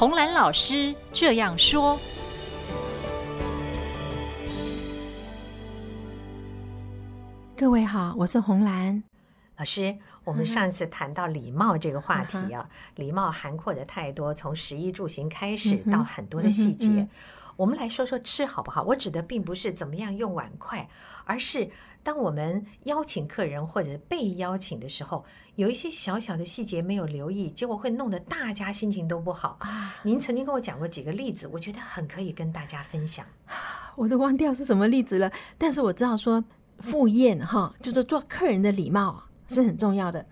洪蘭老師這樣說：“各位好，我是洪蘭老師。我們上次談到禮貌這個話題啊，uh huh. 禮貌含括的太多，從食衣住行開始，到很多的細節。Uh ” huh. uh huh. uh huh. 我們來說說吃好不好？我指的並不是怎麼樣用碗筷，而是當我們邀請客人或者被邀請的時候，有一些小小的細節沒有留意，結果會弄得大家心情都不好啊。您曾經跟我講過幾個例子，我覺得很可以跟大家分享。我都忘掉是什麼例子了，但是我知道說赴宴哈，就是做客人的禮貌是很重要的。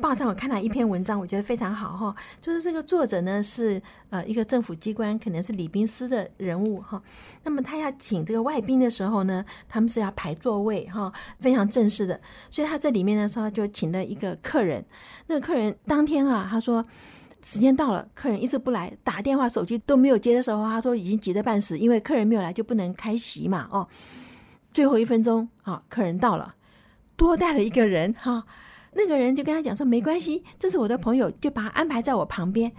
報上我看到一篇文章，我覺得非常好哈，就是這個作者呢是呃一個政府機關，可能是禮賓司的人物哈。那麼他要請這個外賓的時候呢，他們是要排座位哈，非常正式的。所以他這裡面呢說，他就請了一個客人，那個客人當天啊，他說時間到了，客人一直不來，打電話手機都沒有接的時候，他說已經急得半死，因為客人沒有來就不能開席嘛哦。最後一分鐘啊，客人到了，多帶了一個人哈。那個人就跟他講說：“沒關係，這是我的朋友，就把他安排在我旁邊。”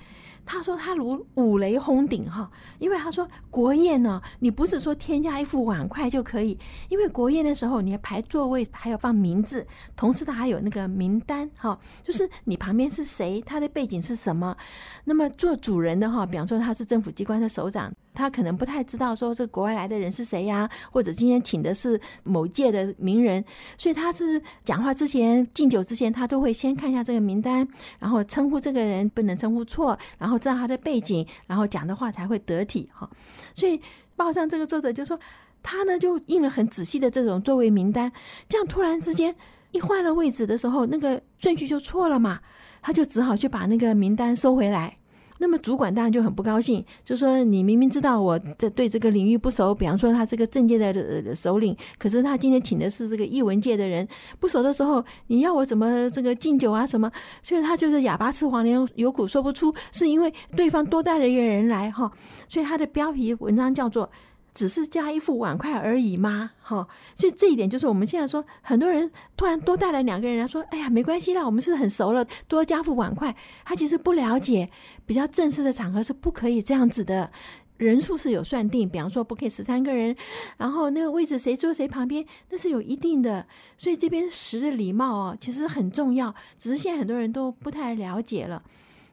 他說：“他如五雷轟頂哈，因為他說國宴呢、哦，你不是說添加一副碗筷就可以，因為國宴的時候你要排座位，還要放名字，同時他還有那個名單哈，就是你旁邊是誰，他的背景是什麼。那麼做主人的哈，比方說他是政府機關的首長。”他可能不太知道說這國外來的人是誰呀，或者今天請的是某界的名人，所以他是講話之前、敬酒之前，他都會先看一下這個名單，然後稱呼這個人不能稱呼錯，然後知道他的背景，然後講的話才會得體哈。所以報上這個作者就說，他呢就印了很仔細的這種座位名單，這樣突然之間一換了位置的時候，那個順序就錯了嘛，他就只好去把那個名單收回來。那麼主管當然就很不高興，就說你明明知道我這對這個領域不熟，比方說他是個政界的首領，可是他今天請的是這個藝文界的人，不熟的時候，你要我怎麼這個敬酒啊什麼？所以他就是啞巴吃黃連，有苦說不出，是因為對方多帶了一個人來哈，所以他的標題文章叫做。只是加一副碗筷而已嗎？哈、哦，所以這一點就是我們現在說，很多人突然多帶來兩個人，來說：“哎呀，沒關係啦，我們是很熟了，多加副碗筷。”他其實不了解，比較正式的場合是不可以這樣子的，人數是有算定，比方說不可以十三個人，然後那個位置誰坐誰旁邊，那是有一定的。所以這邊食的禮貌哦，其實很重要，只是現在很多人都不太了解了。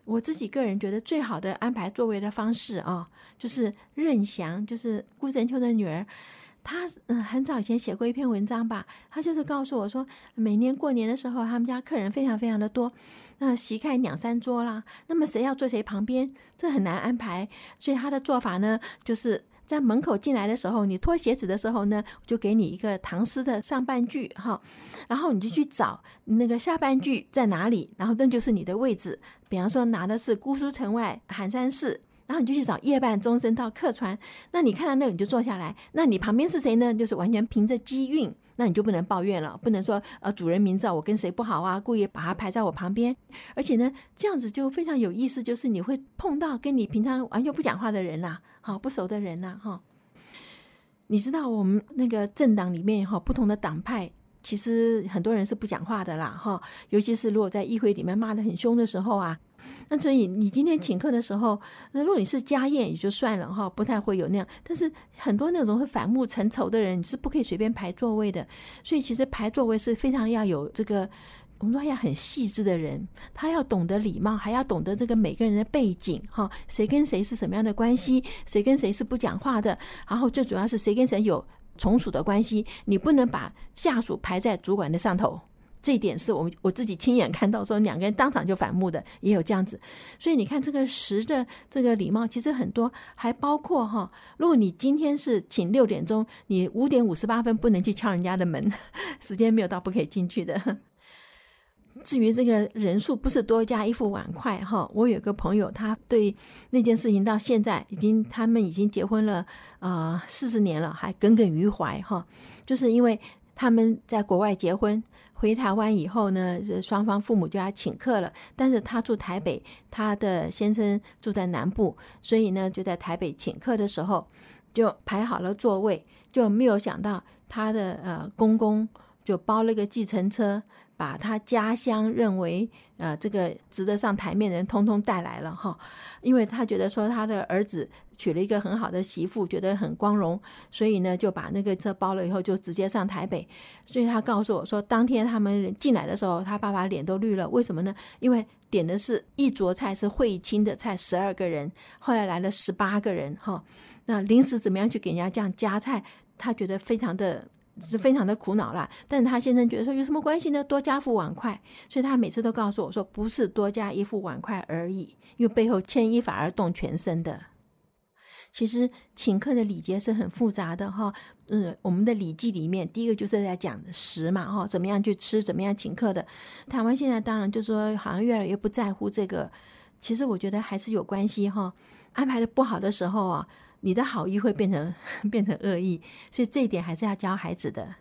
我自己個人覺得最好的安排座位的方式啊、哦，就是任祥，就是顧正秋的女兒，她嗯、呃、很早以前寫過一篇文章吧，她就是告訴我說，每年過年的時候，他們家客人非常非常的多，那、呃、席開兩三桌啦，那麼誰要坐誰旁邊，這很難安排，所以她的做法呢，就是。在門口進來的時候，你脫鞋子的時候呢，就給你一個唐詩的上半句哈，然後你就去找那個下半句在哪裡，然後那就是你的位置。比方說，拿的是“姑蘇城外寒山寺”。然後你就去找夜半鐘聲到客船，那你看到那你就坐下來，那你旁邊是誰呢？就是完全憑着機運，那你就不能抱怨了，不能說呃主人明知道我跟誰不好啊，故意把他排在我旁邊，而且呢這樣子就非常有意思，就是你會碰到跟你平常完全不講話的人吶、啊，好不熟的人吶、啊、哈，你知道我們那個政黨裡面哈不同的黨派。其實很多人是不講話的啦，哈，尤其是如果在議會裡面罵得很凶的時候啊，那所以你今天請客的時候，那如果你是家宴也就算了哈，不太會有那樣。但是很多那種會反目成仇的人，你是不可以隨便排座位的。所以其實排座位是非常要有這個，我們說要很細緻的人，他要懂得禮貌，還要懂得這個每個人的背景哈，誰跟誰是什麼樣的關係，誰跟誰是不講話的，然後最主要是誰跟誰有。從屬的關係，你不能把下屬排在主管的上頭，這一點是我我自己親眼看到，說兩個人當場就反目的，也有這樣子。所以你看這個時的這個禮貌，其實很多還包括哈，如果你今天是請六點鐘，你五點五十八分不能去敲人家的門，時間沒有到不可以進去的。至於這個人數，不是多加一副碗筷哈。我有個朋友，他對那件事情到現在已經，他們已經結婚了啊，四十年了，還耿耿於懷哈。就是因為他們在國外結婚，回台灣以後呢，雙方父母就要請客了。但是他住台北，他的先生住在南部，所以呢，就在台北請客的時候，就排好了座位，就沒有想到他的呃公公。就包了一個計程車，把他家鄉認為呃這個值得上台面的人，通通帶來了哈、哦。因為他覺得說他的兒子娶了一個很好的媳婦，覺得很光榮，所以呢就把那個車包了以後，就直接上台北。所以他告訴我說，當天他們進來的時候，他爸爸臉都綠了。為什麼呢？因為點的是一桌菜是會親的菜，十二個人，後來來了十八個人哈、哦。那臨時怎麼樣去給人家這樣加菜，他覺得非常的。是非常的苦惱了，但是他先生覺得說有什麼關係呢？多加副碗筷，所以他每次都告訴我說，不是多加一副碗筷而已，因為背後牽一髮而動全身的。其實請客的禮節是很複雜的哈、哦，嗯，我們的《禮記》裡面第一個就是在講食嘛哈、哦，怎麼樣去吃，怎麼樣請客的。台灣現在當然就說好像越來越不在乎這個，其實我覺得還是有關係哈、哦，安排的不好的時候啊。你的好意會變成，變成惡意，所以這一點還是要教孩子的。